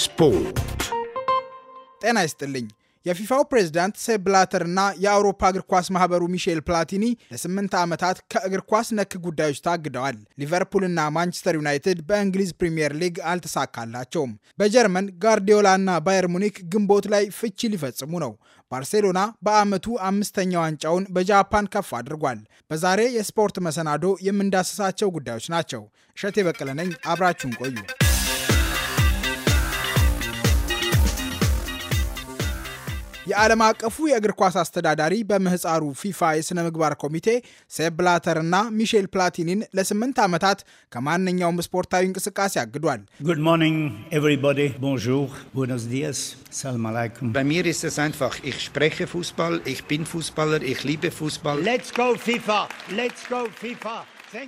ስፖርት ጤና ይስጥልኝ። የፊፋው ፕሬዝዳንት ሴፕ ብላተር እና የአውሮፓ እግር ኳስ ማህበሩ ሚሼል ፕላቲኒ ለስምንት ዓመታት ከእግር ኳስ ነክ ጉዳዮች ታግደዋል። ሊቨርፑልና ማንቸስተር ዩናይትድ በእንግሊዝ ፕሪምየር ሊግ አልተሳካላቸውም። በጀርመን እና ባየር ሙኒክ ግንቦት ላይ ፍቺ ሊፈጽሙ ነው። ባርሴሎና በዓመቱ አምስተኛ ዋንጫውን በጃፓን ከፍ አድርጓል። በዛሬ የስፖርት መሰናዶ የምንዳስሳቸው ጉዳዮች ናቸው። እሸቴ በቀለ ነኝ። አብራችሁን ቆዩ። የዓለም አቀፉ የእግር ኳስ አስተዳዳሪ በምህፃሩ ፊፋ የሥነ ምግባር ኮሚቴ ሴፕ ና ሚሼል ፕላቲኒን ለስምንት ዓመታት ከማንኛውም ስፖርታዊ እንቅስቃሴ አግዷል።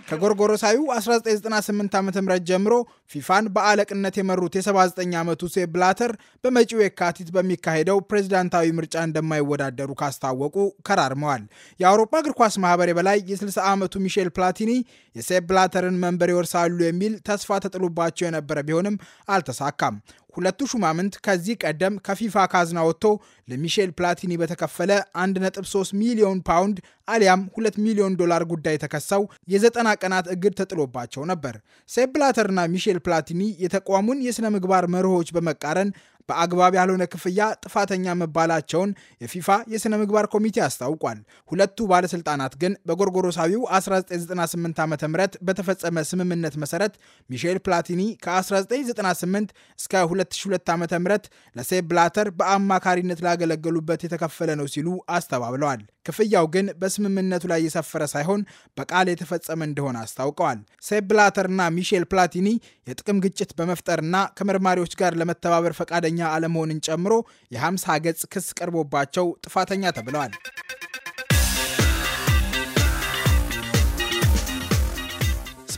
ከጎርጎሮሳዊው 1998 ዓ ም ጀምሮ ፊፋን በአለቅነት የመሩት የ79 ዓመቱ ሴፕ ብላተር በመጪው የካቲት በሚካሄደው ፕሬዝዳንታዊ ምርጫ እንደማይወዳደሩ ካስታወቁ ከራርመዋል። የአውሮፓ እግር ኳስ ማህበር በላይ የ60 ዓመቱ ሚሼል ፕላቲኒ የሴፕ ብላተርን መንበር ይወርሳሉ የሚል ተስፋ ተጥሎባቸው የነበረ ቢሆንም አልተሳካም። ሁለቱ ሹማምንት ከዚህ ቀደም ከፊፋ ካዝና ወጥቶ ለሚሼል ፕላቲኒ በተከፈለ 1.3 ሚሊዮን ፓውንድ አሊያም 2 ሚሊዮን ዶላር ጉዳይ ተከሰው የዘጠና ቀናት እግድ ተጥሎባቸው ነበር። ሴፕ ብላተርና ሚሼል ፕላቲኒ የተቋሙን የሥነ ምግባር መርሆች በመቃረን በአግባብ ያልሆነ ክፍያ ጥፋተኛ መባላቸውን የፊፋ የሥነ ምግባር ኮሚቴ አስታውቋል። ሁለቱ ባለሥልጣናት ግን በጎርጎሮሳዊው 1998 ዓ ም በተፈጸመ ስምምነት መሠረት ሚሼል ፕላቲኒ ከ1998 እስከ 2002 ዓ ም ለሴፕ ብላተር በአማካሪነት ላገለገሉበት የተከፈለ ነው ሲሉ አስተባብለዋል። ክፍያው ግን በስምምነቱ ላይ የሰፈረ ሳይሆን በቃል የተፈጸመ እንደሆነ አስታውቀዋል። ሴፕ ብላተርና ሚሼል ፕላቲኒ የጥቅም ግጭት በመፍጠርና ከመርማሪዎች ጋር ለመተባበር ፈቃደኛ ጥፋተኛ አለመሆንን ጨምሮ የ50 ገጽ ክስ ቀርቦባቸው ጥፋተኛ ተብለዋል።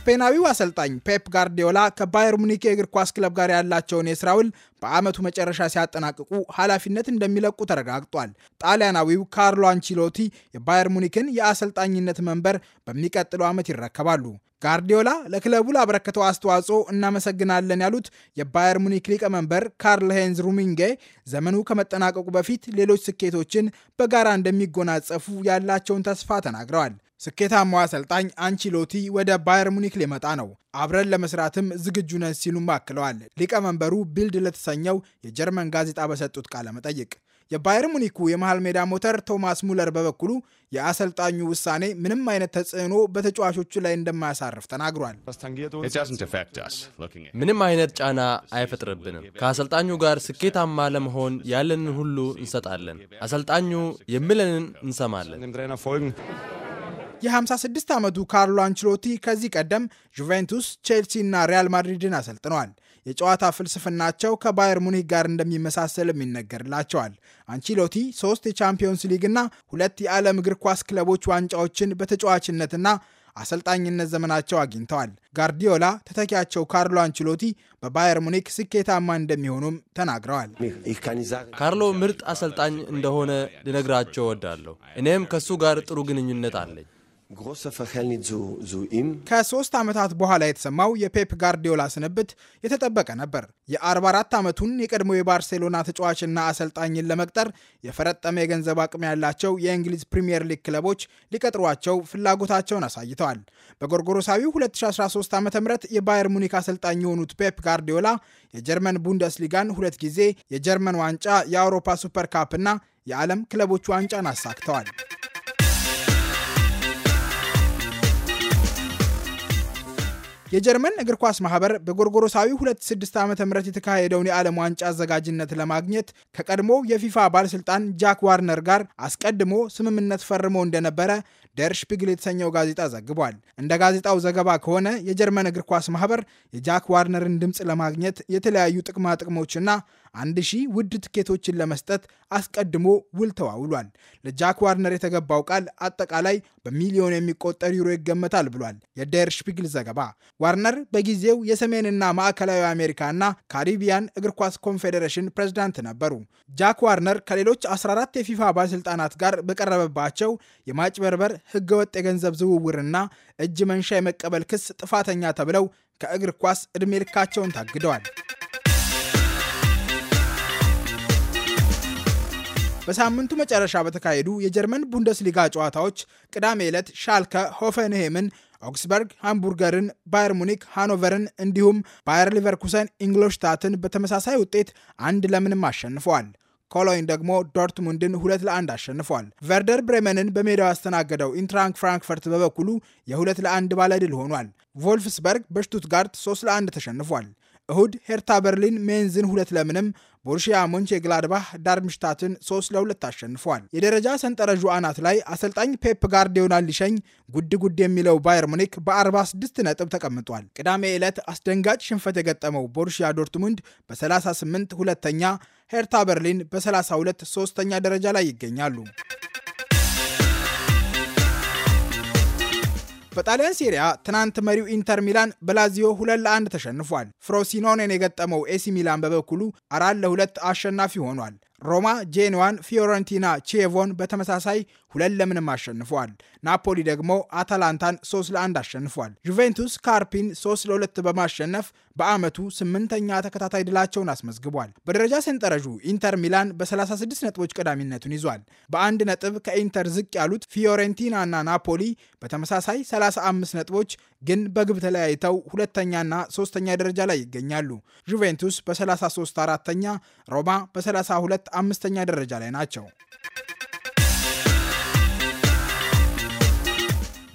ስፔናዊው አሰልጣኝ ፔፕ ጋርዲዮላ ከባየር ሙኒክ የእግር ኳስ ክለብ ጋር ያላቸውን የስራ ውል በዓመቱ መጨረሻ ሲያጠናቅቁ ኃላፊነት እንደሚለቁ ተረጋግጧል። ጣሊያናዊው ካርሎ አንቺሎቲ የባየር ሙኒክን የአሰልጣኝነት መንበር በሚቀጥለው ዓመት ይረከባሉ። ጋርዲዮላ ለክለቡ ላበረከተው አስተዋጽኦ እናመሰግናለን ያሉት የባየር ሙኒክ ሊቀመንበር ካርል ሄንዝ ሩሚንጌ ዘመኑ ከመጠናቀቁ በፊት ሌሎች ስኬቶችን በጋራ እንደሚጎናጸፉ ያላቸውን ተስፋ ተናግረዋል። ስኬታማው አሰልጣኝ አንቺሎቲ ወደ ባየር ሙኒክ ሊመጣ ነው። አብረን ለመስራትም ዝግጁ ነን ሲሉም አክለዋል ሊቀመንበሩ ቢልድ ለተሰኘው የጀርመን ጋዜጣ በሰጡት ቃለ መጠይቅ። የባየር ሙኒኩ የመሃል ሜዳ ሞተር ቶማስ ሙለር በበኩሉ የአሰልጣኙ ውሳኔ ምንም አይነት ተጽዕኖ በተጫዋቾቹ ላይ እንደማያሳርፍ ተናግሯል። ምንም አይነት ጫና አይፈጥርብንም። ከአሰልጣኙ ጋር ስኬታማ ለመሆን ያለንን ሁሉ እንሰጣለን። አሰልጣኙ የሚለንን እንሰማለን። የ56 ዓመቱ ካርሎ አንችሎቲ ከዚህ ቀደም ጁቬንቱስ፣ ቼልሲ እና ሪያል ማድሪድን አሰልጥነዋል። የጨዋታ ፍልስፍናቸው ከባየር ሙኒክ ጋር እንደሚመሳሰልም ይነገርላቸዋል። አንቺሎቲ ሶስት የቻምፒዮንስ ሊግና ሁለት የዓለም እግር ኳስ ክለቦች ዋንጫዎችን በተጫዋችነትና አሰልጣኝነት ዘመናቸው አግኝተዋል። ጋርዲዮላ ተተኪያቸው ካርሎ አንችሎቲ በባየር ሙኒክ ስኬታማ እንደሚሆኑም ተናግረዋል። ካርሎ ምርጥ አሰልጣኝ እንደሆነ ልነግራቸው እወዳለሁ። እኔም ከሱ ጋር ጥሩ ግንኙነት አለኝ። ከሶስት ዓመታት በኋላ የተሰማው የፔፕ ጋርዲዮላ ስንብት የተጠበቀ ነበር። የ44 ዓመቱን የቀድሞ የባርሴሎና ተጫዋችና አሰልጣኝን ለመቅጠር የፈረጠመ የገንዘብ አቅም ያላቸው የእንግሊዝ ፕሪምየር ሊግ ክለቦች ሊቀጥሯቸው ፍላጎታቸውን አሳይተዋል። በጎርጎሮሳዊው 2013 ዓ ም የባየር ሙኒክ አሰልጣኝ የሆኑት ፔፕ ጋርዲዮላ የጀርመን ቡንደስሊጋን ሁለት ጊዜ፣ የጀርመን ዋንጫ፣ የአውሮፓ ሱፐር ካፕና የዓለም ክለቦች ዋንጫን አሳክተዋል። የጀርመን እግር ኳስ ማህበር በጎርጎሮሳዊ 26 ዓ ም የተካሄደውን የዓለም ዋንጫ አዘጋጅነት ለማግኘት ከቀድሞ የፊፋ ባለሥልጣን ጃክ ዋርነር ጋር አስቀድሞ ስምምነት ፈርሞ እንደነበረ ደርሽፒግል የተሰኘው ጋዜጣ ዘግቧል። እንደ ጋዜጣው ዘገባ ከሆነ የጀርመን እግር ኳስ ማህበር የጃክ ዋርነርን ድምፅ ለማግኘት የተለያዩ ጥቅማ ጥቅሞችና አንድ ሺህ ውድ ትኬቶችን ለመስጠት አስቀድሞ ውል ተዋውሏል። ለጃክ ዋርነር የተገባው ቃል አጠቃላይ በሚሊዮን የሚቆጠር ዩሮ ይገመታል ብሏል የደር ሽፒግል ዘገባ። ዋርነር በጊዜው የሰሜንና ማዕከላዊ አሜሪካና ካሪቢያን እግር ኳስ ኮንፌዴሬሽን ፕሬዝዳንት ነበሩ። ጃክ ዋርነር ከሌሎች 14 የፊፋ ባለሥልጣናት ጋር በቀረበባቸው የማጭበርበር ህገወጥ የገንዘብ ዝውውርና እጅ መንሻ የመቀበል ክስ ጥፋተኛ ተብለው ከእግር ኳስ ዕድሜ ልካቸውን ታግደዋል። በሳምንቱ መጨረሻ በተካሄዱ የጀርመን ቡንደስሊጋ ጨዋታዎች ቅዳሜ ዕለት ሻልከ ሆፈንሄምን፣ ኦግስበርግ ሃምቡርገርን፣ ባየር ሙኒክ ሃኖቨርን እንዲሁም ባየር ሊቨርኩሰን ኢንግሎሽታትን በተመሳሳይ ውጤት አንድ ለምንም አሸንፈዋል። ኮሎኝ ደግሞ ዶርትሙንድን ሁለት ለአንድ አሸንፏል። ቨርደር ብሬመንን በሜዳው ያስተናገደው ኢንትራንክ ፍራንክፈርት በበኩሉ የሁለት ለአንድ ባለድል ሆኗል። ቮልፍስበርግ በሽቱትጋርት ሶስት ለአንድ ተሸንፏል። እሁድ ሄርታ በርሊን ሜንዝን ሁለት ለምንም ቦሩሺያ ሞንቼ ግላድባህ ዳርምሽታትን ሶስት ለሁለት አሸንፏል። የደረጃ ሰንጠረዡ አናት ላይ አሰልጣኝ ፔፕ ጋርዲዮላን ሊሸኝ ጉድ ጉድ የሚለው ባየር ሙኒክ በ46 ነጥብ ተቀምጧል። ቅዳሜ ዕለት አስደንጋጭ ሽንፈት የገጠመው ቦሩሺያ ዶርትሙንድ በ38 ሁለተኛ፣ ሄርታ በርሊን በ32 ሶስተኛ ደረጃ ላይ ይገኛሉ። በጣሊያን ሴሪያ ትናንት መሪው ኢንተር ሚላን በላዚዮ ሁለት ለአንድ ተሸንፏል። ፍሮሲኖኔን የገጠመው ኤሲ ሚላን በበኩሉ አራት ለሁለት አሸናፊ ሆኗል። ሮማ ጄንዋን፣ ፊዮረንቲና ቼቮን በተመሳሳይ ሁለት ለምንም አሸንፏል። ናፖሊ ደግሞ አታላንታን 3 ለ1 አሸንፏል። ዩቬንቱስ ካርፒን 3 ለ2 በማሸነፍ በዓመቱ ስምንተኛ ተከታታይ ድላቸውን አስመዝግቧል። በደረጃ ሰንጠረዡ ኢንተር ሚላን በ36 ነጥቦች ቀዳሚነቱን ይዟል። በአንድ ነጥብ ከኢንተር ዝቅ ያሉት ፊዮሬንቲናና ናፖሊ በተመሳሳይ 35 ነጥቦች ግን በግብ ተለያይተው ሁለተኛና ሶስተኛ ደረጃ ላይ ይገኛሉ። ጁቬንቱስ በ33 አራተኛ፣ ሮማ በ32 አምስተኛ ደረጃ ላይ ናቸው።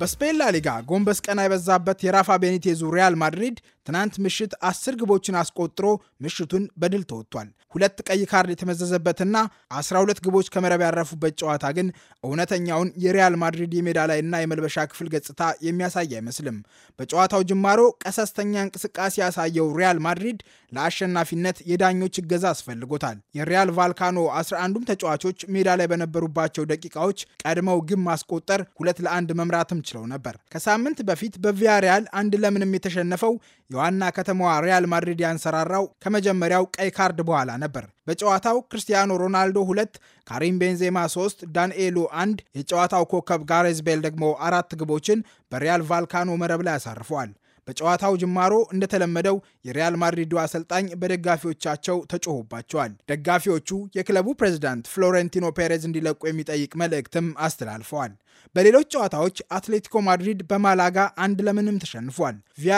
በስፔን ላሊጋ ጎንበስ ቀና የበዛበት የራፋ ቤኒቴዙ ሪያል ማድሪድ ትናንት ምሽት አስር ግቦችን አስቆጥሮ ምሽቱን በድል ተወጥቷል። ሁለት ቀይ ካርድ የተመዘዘበትና 12 ግቦች ከመረብ ያረፉበት ጨዋታ ግን እውነተኛውን የሪያል ማድሪድ የሜዳ ላይና የመልበሻ ክፍል ገጽታ የሚያሳይ አይመስልም። በጨዋታው ጅማሮ ቀሰስተኛ እንቅስቃሴ ያሳየው ሪያል ማድሪድ ለአሸናፊነት የዳኞች እገዛ አስፈልጎታል። የሪያል ቫልካኖ 11ዱም ተጫዋቾች ሜዳ ላይ በነበሩባቸው ደቂቃዎች ቀድመው ግብ ማስቆጠር ሁለት ለአንድ መምራትም ችለው ነበር። ከሳምንት በፊት በቪያሪያል አንድ ለምንም የተሸነፈው የዋና ከተማዋ ሪያል ማድሪድ ያንሰራራው ከመጀመሪያው ቀይ ካርድ በኋላ ነበር። በጨዋታው ክርስቲያኖ ሮናልዶ ሁለት፣ ካሪም ቤንዜማ ሶስት፣ ዳንኤሉ አንድ፣ የጨዋታው ኮከብ ጋሬዝ ቤል ደግሞ አራት ግቦችን በሪያል ቫልካኖ መረብ ላይ አሳርፈዋል። በጨዋታው ጅማሮ እንደተለመደው የሪያል ማድሪዱ አሰልጣኝ በደጋፊዎቻቸው ተጮሁባቸዋል። ደጋፊዎቹ የክለቡ ፕሬዝዳንት ፍሎሬንቲኖ ፔሬዝ እንዲለቁ የሚጠይቅ መልእክትም አስተላልፈዋል። በሌሎች ጨዋታዎች አትሌቲኮ ማድሪድ በማላጋ አንድ ለምንም ተሸንፏል። ቪያ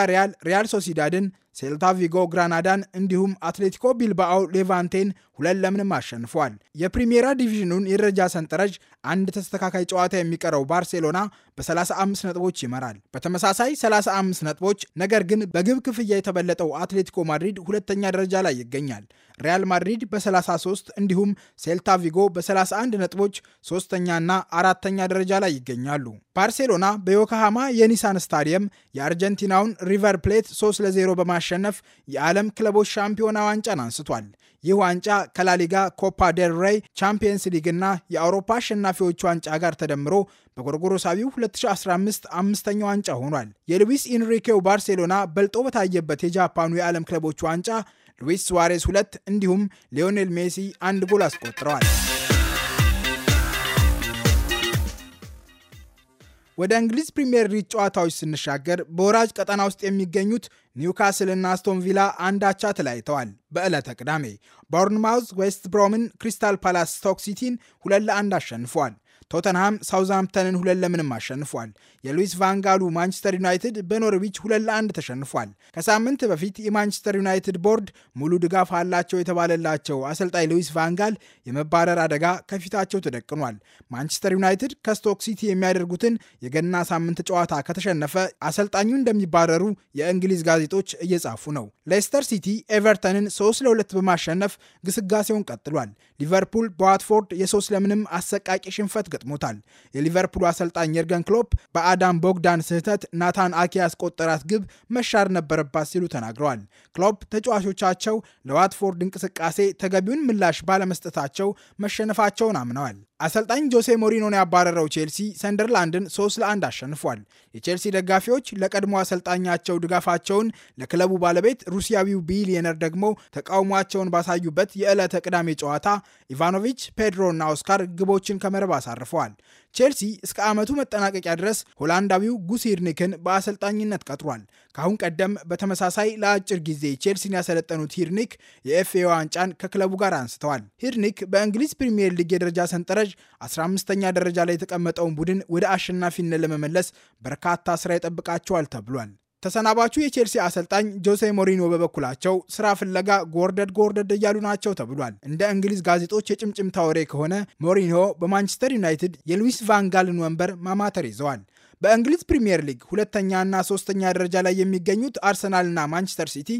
ሪያል ሶሲዳድን ሴልታ ቪጎ ግራናዳን እንዲሁም አትሌቲኮ ቢልባኦ ሌቫንቴን ሁለት ለምንም አሸንፏል። የፕሪሚየራ ዲቪዥኑን የደረጃ ሰንጠረዥ አንድ ተስተካካይ ጨዋታ የሚቀረው ባርሴሎና በ35 ነጥቦች ይመራል። በተመሳሳይ 35 ነጥቦች፣ ነገር ግን በግብ ክፍያ የተበለጠው አትሌቲኮ ማድሪድ ሁለተኛ ደረጃ ላይ ይገኛል። ሪያል ማድሪድ በ33 እንዲሁም ሴልታ ቪጎ በ31 ነጥቦች ሶስተኛና አራተኛ ደረጃ ላይ ይገኛሉ። ባርሴሎና በዮካሃማ የኒሳን ስታዲየም የአርጀንቲናውን ሪቨር ፕሌት 3 ለ0 በማሸነፍ የዓለም ክለቦች ሻምፒዮና ዋንጫን አንስቷል። ይህ ዋንጫ ከላሊጋ፣ ኮፓ ደል ሬይ፣ ቻምፒየንስ ሊግ እና የአውሮፓ አሸናፊዎች ዋንጫ ጋር ተደምሮ በጎርጎሮሳቢው 2015 አምስተኛ ዋንጫ ሆኗል። የሉዊስ ኢንሪኬው ባርሴሎና በልጦ በታየበት የጃፓኑ የዓለም ክለቦች ዋንጫ ሉዊስ ሱዋሬስ ሁለት እንዲሁም ሊዮኔል ሜሲ አንድ ጎል አስቆጥረዋል። ወደ እንግሊዝ ፕሪምየር ሊግ ጨዋታዎች ስንሻገር በወራጅ ቀጠና ውስጥ የሚገኙት ኒውካስል እና አስቶን ቪላ አንዳቻ ተለያይተዋል። በዕለተ ቅዳሜ ቦርንማውዝ ዌስት ብሮምን፣ ክሪስታል ፓላስ ስቶክ ሲቲን ሁለት ለአንድ አሸንፏል። ቶተንሃም ሳውዝሃምፕተንን ሁለት ለምንም አሸንፏል። የሉዊስ ቫንጋሉ ማንቸስተር ዩናይትድ በኖርዊች ሁለት ለአንድ ተሸንፏል። ከሳምንት በፊት የማንቸስተር ዩናይትድ ቦርድ ሙሉ ድጋፍ አላቸው የተባለላቸው አሰልጣኝ ሉዊስ ቫንጋል የመባረር አደጋ ከፊታቸው ተደቅኗል። ማንቸስተር ዩናይትድ ከስቶክ ሲቲ የሚያደርጉትን የገና ሳምንት ጨዋታ ከተሸነፈ አሰልጣኙ እንደሚባረሩ የእንግሊዝ ጋዜጦች እየጻፉ ነው። ሌስተር ሲቲ ኤቨርተንን 3 ለ2 በማሸነፍ ግስጋሴውን ቀጥሏል። ሊቨርፑል በዋትፎርድ የሶስት ለምንም አሰቃቂ ሽንፈት ገጥሞታል። የሊቨርፑሉ አሰልጣኝ የርገን ክሎፕ በአዳም ቦግዳን ስህተት ናታን አኪ ያስቆጠራት ግብ መሻር ነበረባት ሲሉ ተናግረዋል። ክሎፕ ተጫዋቾቻቸው ለዋትፎርድ እንቅስቃሴ ተገቢውን ምላሽ ባለመስጠታቸው መሸነፋቸውን አምነዋል። አሰልጣኝ ጆሴ ሞሪኖን ያባረረው ቼልሲ ሰንደርላንድን 3 ለ1 አሸንፏል። የቼልሲ ደጋፊዎች ለቀድሞ አሰልጣኛቸው ድጋፋቸውን ለክለቡ ባለቤት ሩሲያዊው ቢሊየነር ደግሞ ተቃውሟቸውን ባሳዩበት የዕለተ ቅዳሜ ጨዋታ ኢቫኖቪች፣ ፔድሮ እና ኦስካር ግቦችን ከመረብ አሳርፈዋል። ቼልሲ እስከ ዓመቱ መጠናቀቂያ ድረስ ሆላንዳዊው ጉሲርኒክን በአሰልጣኝነት ቀጥሯል። ከአሁን ቀደም በተመሳሳይ ለአጭር ጊዜ ቼልሲን ያሰለጠኑት ሂርኒክ የኤፍኤ ዋንጫን ከክለቡ ጋር አንስተዋል። ሂርኒክ በእንግሊዝ ፕሪምየር ሊግ የደረጃ ሰንጠረዥ 15ኛ ደረጃ ላይ የተቀመጠውን ቡድን ወደ አሸናፊነት ለመመለስ በርካታ ስራ ይጠብቃቸዋል ተብሏል። ተሰናባቹ የቼልሲ አሰልጣኝ ጆሴ ሞሪኖ በበኩላቸው ስራ ፍለጋ ጎርደድ ጎርደድ እያሉ ናቸው ተብሏል። እንደ እንግሊዝ ጋዜጦች የጭምጭምታ ወሬ ከሆነ ሞሪኖ በማንቸስተር ዩናይትድ የሉዊስ ቫንጋልን ወንበር ማማተር ይዘዋል። በእንግሊዝ ፕሪምየር ሊግ ሁለተኛና ሶስተኛ ደረጃ ላይ የሚገኙት አርሰናልና ማንቸስተር ሲቲ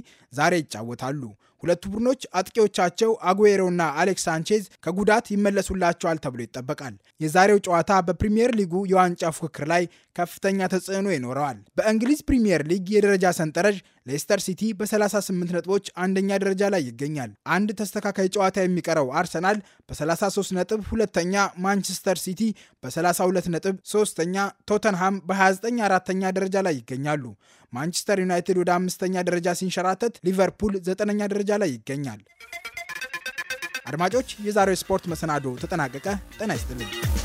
ዛሬ ይጫወታሉ። ሁለቱ ቡድኖች አጥቂዎቻቸው አጉዌሮና አሌክስ ሳንቼዝ ከጉዳት ይመለሱላቸዋል ተብሎ ይጠበቃል። የዛሬው ጨዋታ በፕሪምየር ሊጉ የዋንጫ ፉክክር ላይ ከፍተኛ ተጽዕኖ ይኖረዋል። በእንግሊዝ ፕሪምየር ሊግ የደረጃ ሰንጠረዥ ሌስተር ሲቲ በ38 ነጥቦች አንደኛ ደረጃ ላይ ይገኛል። አንድ ተስተካካይ ጨዋታ የሚቀረው አርሰናል በ33 ነጥብ ሁለተኛ፣ ማንቸስተር ሲቲ በ32 ነጥብ ሶስተኛ፣ ቶተንሃም በ29 አራተኛ ደረጃ ላይ ይገኛሉ። ማንቸስተር ዩናይትድ ወደ አምስተኛ ደረጃ ሲንሸራተት፣ ሊቨርፑል ዘጠነኛ ደረጃ ላይ ይገኛል። አድማጮች፣ የዛሬው ስፖርት መሰናዶ ተጠናቀቀ። ጤና ይስጥልኝ።